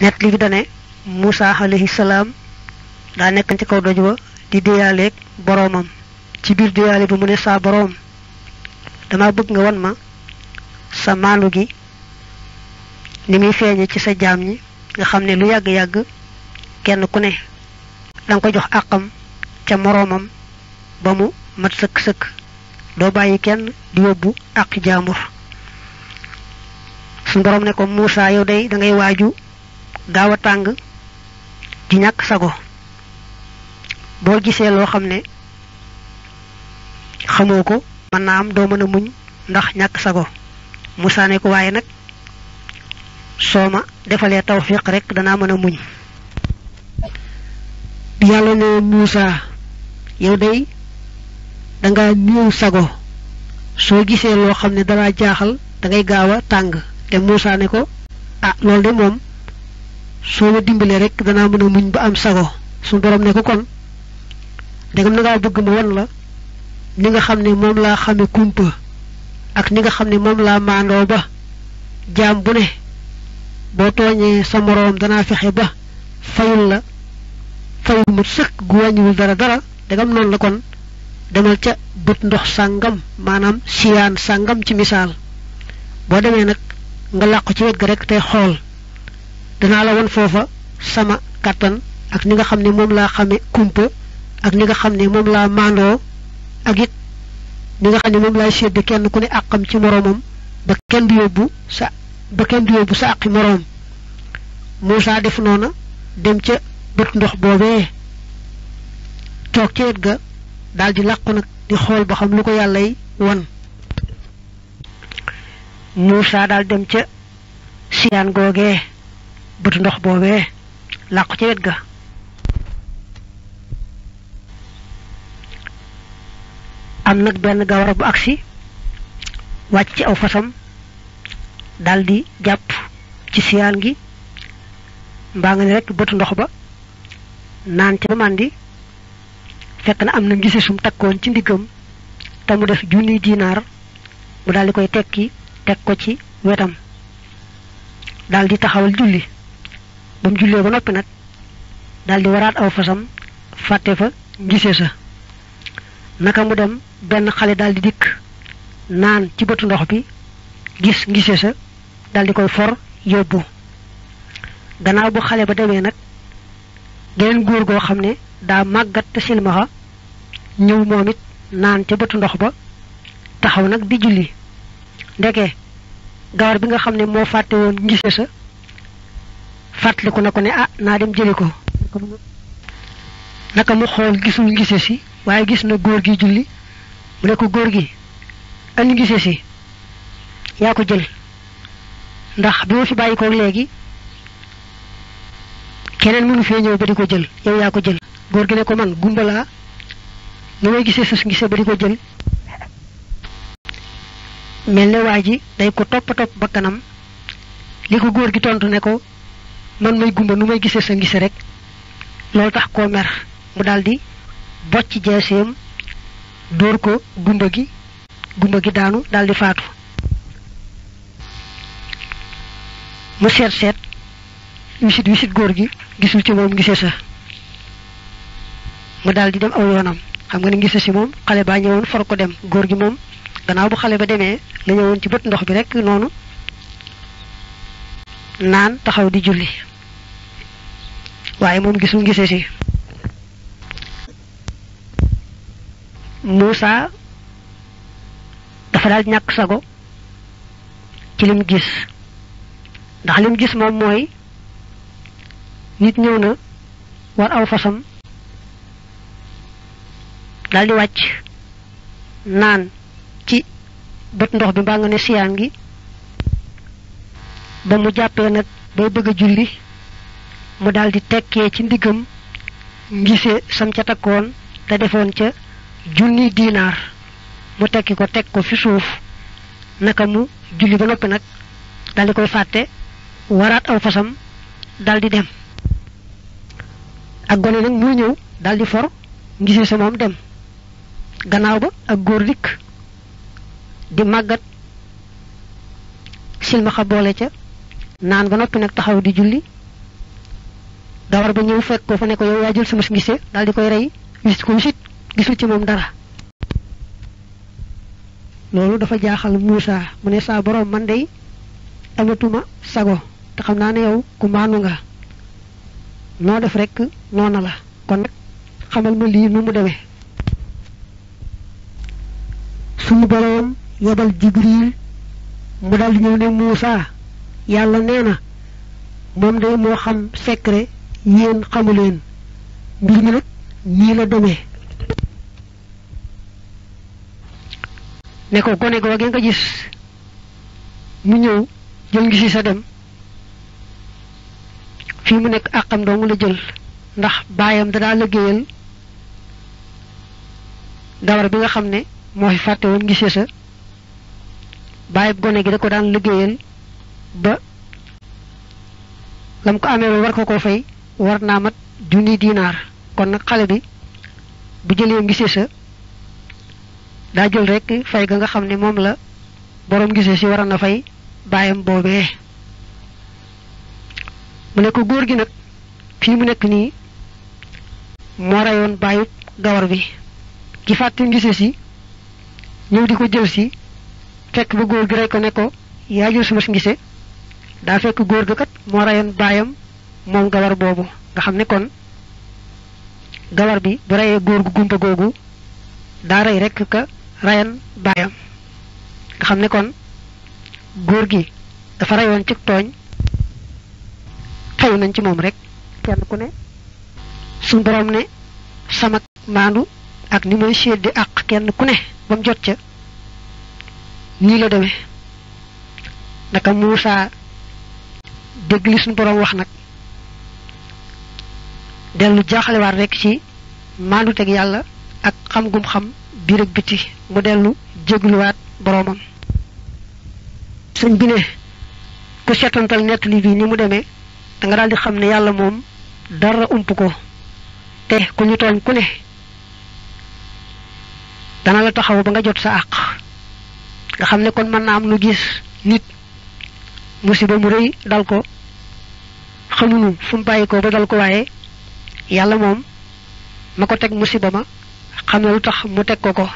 net li fi dane musa alayhi salam da nek ci kaw dojo di deyaaleeg boromam ci bir deyaale bu mune sa borom dama bëgg nga won ma sa maandu gi ni mi feñ ci sa jamm ñi nga xamné lu yag yag kenn ku ne dang ko jox akam ca moromam ba mu mat sekk sekk do bayyi kenn di yobbu ak sun borom ne ko musa yow day da ngay waju gaaw a tàng di ñàkk sago boo gisee loo xam ne xamoo ko mën naa am doo mën a muñ ndax ñàkk sago mu saane ko waaye nag soo ma defalee tawfiq rek danaa mën a muñ yàlla ne Muusa yow day danga ñëw sago soo gisee loo xam ne dara jaaxal dangay gaaw a tàng te Muusa ne ko ah loolu de moom soo ma dimbalee rek danaa mën a muñ ba am sago su borom ne ko kon ndegam na ngaa bëgg ma won la ni nga xam ne moom laa xame kumpa ak ni nga xam ne moom laa maandoo ba jaam bu ne boo tooñee sa moroom danaa fexe ba fayul la fayu mu sëkk gu wàññiwul dara dara ndegam noonu la kon demal ca bët ndox sàngam maanaam siyaan sàngam ci misaal boo demee nag nga làqu ci wet ga rek tey xool danaa la won foofa sama kàttan ak ni nga xam ne moom laa xame kumpa ak ni nga xam ne moom laa maandoo ak it ni nga xam ne moom laay sedd kenn ku ne àqam ci moroomam ba kenn du yóbbu sa ba kenn sa àqi moroom Muusaa def noona dem ca bët ndox boobee toog ca wet ga daldi làqu nag di xool ba xam lu ko yàllay wan Muusaa daal dem ca siyaan googee bëtu ndox boobee làqu ca wet ga am nag benn gawar bu agsi wàcc ci aw fasam daldi jàpp ci siyaan gi mbaa nga ne rekk bëtu ndox ba naan ca ba màndi fekk na am na ngise sum takkoon ci ndiggam te mu def junniy dinaar mu daldi koy tekki teg ko ci wetam daldi taxawal julli ba mu jullee ba noppi nag daldi waraat aw fasam fàtte fa ngise sa naka mu dem benn xale daldi dikk naan ci bëtu ndox bi gis ngise sa daldi koy for yóbbu gannaaw bu xale ba demee nag geneen góor goo xam ne daa màggat te silmaxa ñëw moom it naan ca bëtu ndox ba taxaw nag di julli ndeke gawar bi nga xam ne moo fàtte woon ngise sa fàttaliku na ko ne ah naa dem jëli ko naka mu xool gisul gise si waaye gis na góor gi julli mu ne ko góor gi andi gise si yaa ko jël ndax bi ma fi bàyyi ko léegi keneen mënu fee ñëw ba di ko jël yow yaa ko jël góor gi ne ko man gumbalaa ni may gisee sus gisee ba di ko jël mel ne waa ji day ko topp topp bakkanam li ko góor gi tontu ne ko man may gumba numay gisse sa ngise rek lol tax ko mer mu daldi bocc jeeseem dor ko gumba gi gumba gi daanu daldi faatu mu seet seet wisit wisit gor gi gisul ci mom gisse sa mu daldi dem aw yonam xam nga ni gisse ci mom xale ba ñewon far ko dem gor gi mom gannaaw bu xale ba deme la ñewon ci bët ndox bi rek nonu naan taxaw di julli waaye moom gisul gise si Moussa dafa daal ñàkk sago ci lim gis ndax lim gis moom mooy nit ñëw na war aw fasam daal di wàcc naan ci bët ndox bi mbaa nga ne siyaan gi ba mu jàppee nag bay bëgg julli mu daldi tekkee ci ndiggam ngise sam ca takkoon te defoon ca junni diinaar mu tekki ko teg ko fi suuf naka mu julli ba noppi nag daldi koy fàtte waraat aw fasam daldi dem ak gone nag muy ñëw daldi for ngise sa moom dem gannaaw ba ak góor dikk di màggat silmaxa boole ca naan ba noppi nag taxaw di julli dawar ba ñew fekk ko fa ne ko yow yaa sama gisee dal di koy rey gis ko wisit gisul ci mom dara lolu dafa jaaxal musa mu ne sa borom man day amatuma sago te xamna ne yow ku manu nga no def rek noona la kon xamal ma li nu mu demee borom yobal jibril mu dal ñew ne musa yalla neena na day mo xam secret yéen xamu leen mbir mi nag nii la dome ne ko gone googee nga gis mu ñëw jël ngi si sa dem fii mu nekk àqam doomu la jël ndax baayam danaa liggéeyal dawar bi nga xam ne moo fi fàtte woon gisee sa bàyyib gone gi da ko daan liggéeyal ba lam ko amee war ko ko fay war naa mat junni dinaar kon nag xale bi bu jëlee ngisee sa daa jël rek fay ga nga xam ne moom la boroom gisee si waral na fay baayam boobee mu ne ko góor gi nag fii mu nekk nii moo rayoon bàyyub gawar bi ki fàtte gisee si ñëw di ko jël si fekk ba góor gi rey ko ko yaa jël suma si ngise daa fekk góor gi kat moo rayoon baayam moom gawar boobu nga xam ne kon gawar bi bu reyee góor gu gumpa googu daa rey rekk ka reyan baayam nga xam ne kon góor gi dafa reyoon ci tooñ fayu nañ ci moom rek kenn ku ne suñ borom ne sama maandu ak ni mooy séet di àq kenn ku ne ba jot ca nii la demee naka Muusaa dégg li suñ borom wax nag dellu jaaxalewaat rekk ci maandu teg yàlla ak xam gum xam biir ak biti mu dellu jégluwaat boroomam sëñ bi ne ku seetantal nettali bi ni mu demee danga nga daal di xam ne yàlla moom dara ump ko te ku ñu tooñ ku ne dana la taxaw ba nga jot sa àq nga xam ne kon mën na am lu gis nit musiba mu rëy dal ko xamuñu fu mu bàyyi ko ba dal ko waaye yàlla moom ma ko teg musiba ma xam na lu tax mu teg ko ko